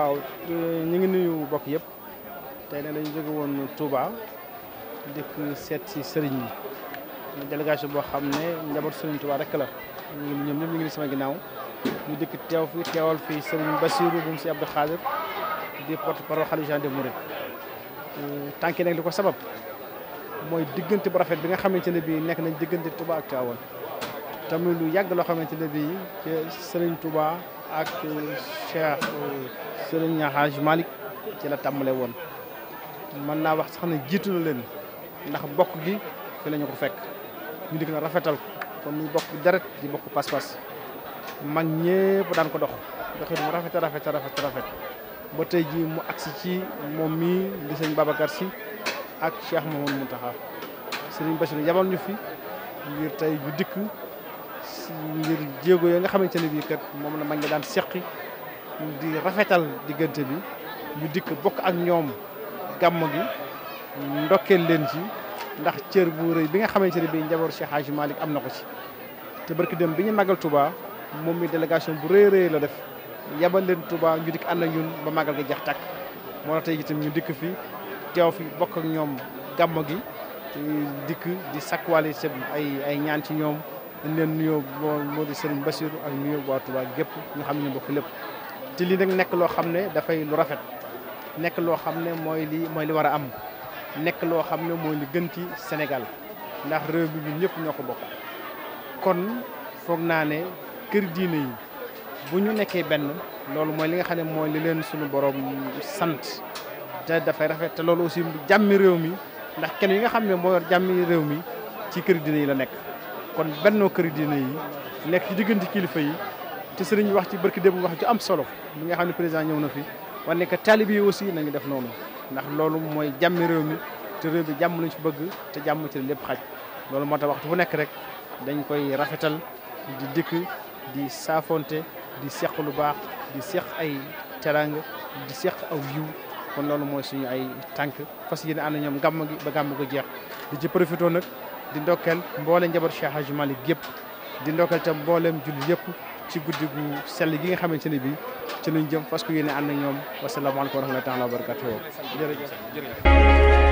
waaw euh, ñu ngi nuyu bokk yépp tey ne dañu jóge woon Touba dikk seet si sëriñ yi délégation boo xam ne njaboot sëriñ Touba rek la ñoom ñëpp ñu ngi sama ginnaaw ñu dikk teew fi teewal fii sëriñ Bassirou bu mu si Abdou Khadir di porte parole xalifa général des rek euh, tànki nag li ko sabab mooy diggante bu rafet bi nga xamante ne bii nekk nañ diggante Touba ak Tivaouane tamit lu yàgg loo xamante ne bii sëriñ Touba ak Cheikh Serigne Hadj Malick ci la tàmbale woon mën naa wax sax ne jiitu na leen ndax bokk gi fi la ñu ko fekk ñu dikk na rafetal ko kon muy bokk deret di bokk pas-pas mag ñëpp daan ko dox doxit mu rafet rafet rafet rafet ba tey ji mu agsi ci moom mii di sëñ Babacar Sy ak Cheikh Mamadou Mountakha Serigne Bassirou yabal ñu fi ngir tey ñu dikk ngir jéego ya nga xamante ne bii kat moom la mag ñi daan seqi di rafetal diggante bi ñu dikk bokk ak ñoom gàmm gi ndokkeel leen ci ndax cër bu rëy bi nga xamante ne bii njaboot Cheikh Hadji Malick am na ko ci te barki dem bi ñu magal Touba moom mi délégation bu rëy rëy la def yabal leen tubaa ñu dikk an na ñun ba magal ga jeex tàkk moo tax tey itam ñu dikk fi teew fi bokk ak ñoom gàmm gi dikk di sakkuwaale seen ay ay ñaan ci ñoom dañ leen nuyoo moo di Serigne Bassirou ak nuyoo waa gépp nga xam ne ñu bokk lépp lii nag nekk loo xam ne dafay lu rafet nekk loo xam ne mooy li li war a am nekk loo xam ne mooy li gën ci Sénégal ndax réew bi ñun ñëpp ñoo ko bokk kon foog naa ne kër diine yi bu ñu nekkee benn loolu mooy li nga xam ne mooy li leen suñu borom sant te dafay rafet te loolu aussi jàmmi réew mi ndax kenn yi nga xam ne moo yor jàmmi réew mi ci kër diine yi la nekk kon bennoo këri diine yi nekk ci diggante kilifa yi te sëriñ wax ci barki démb wax ci am solo bi nga xam ne président ñëw na fi wane que taalibe yi aussi nañu def noonu ndax loolu mooy jàmmi réew mi te réew mi jàmm lañu fi bëgg te jàmm te lépp xaj loolu moo tax waxtu bu nekk rek dañ koy rafetal di dikk di saafonte di seq lu baax di seq ay teraanga di seq aw yiw kon loolu mooy suñu ay tànk fas yéene ànd ñoom gàmm ba gàmm ko jeex di ci profité nag di ndokkeel mboole njaboot Cheikh Hadji Malick yëpp di ndokkeel tam mbooleem jullit yëpp ci guddi gu sell gi nga xamante ne bii ci lañ jëm parce que yéen a ànd ak ñoom wasalaamaaleykum wa rahmatulah wa barakatuh jërëjëf